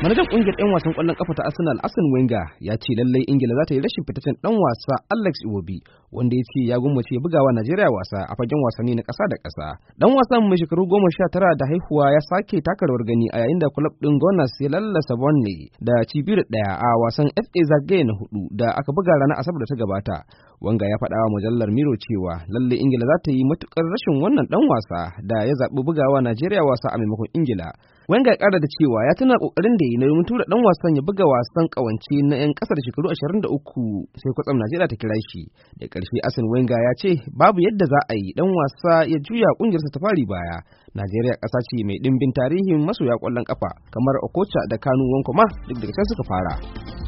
manajan kungiyar 'yan wasan kwallon kafa ta arsenal arsene wenger ya ce lallai ingila za ta yi rashin fitaccen dan wasa alex iwobi wanda ya ce ya gwammace bugawa najeriya wasa a fagen wasanni na ƙasa da ƙasa Ɗan wasan mai shekaru goma sha tara da haihuwa ya sake taka gani a yayin da kulob din gunners ya lallasa burnley da cibiyar ɗaya a wasan fa zagaye na hudu da aka buga ranar asabar da ta gabata wanga ya faɗa wa mujallar miro cewa lallai ingila za ta yi matukar rashin wannan dan wasa da ya zaɓi bugawa najeriya wasa a maimakon ingila ya kara da cewa ya tuna ƙoƙarin da yi na domin tura dan wasan ya buga wasan kawance na 'yan ƙasar shekaru 23 sai kwatsam Najeriya ta kira shi. Da karshe Asin Wenger ya ce babu yadda za a yi dan wasa ya juya ƙungiyarsa ta fari baya. Najeriya ƙasa ce mai dimbin tarihin masoya ƙwallon kafa kamar Okocha da Kanu Wankoma duk daga can suka fara.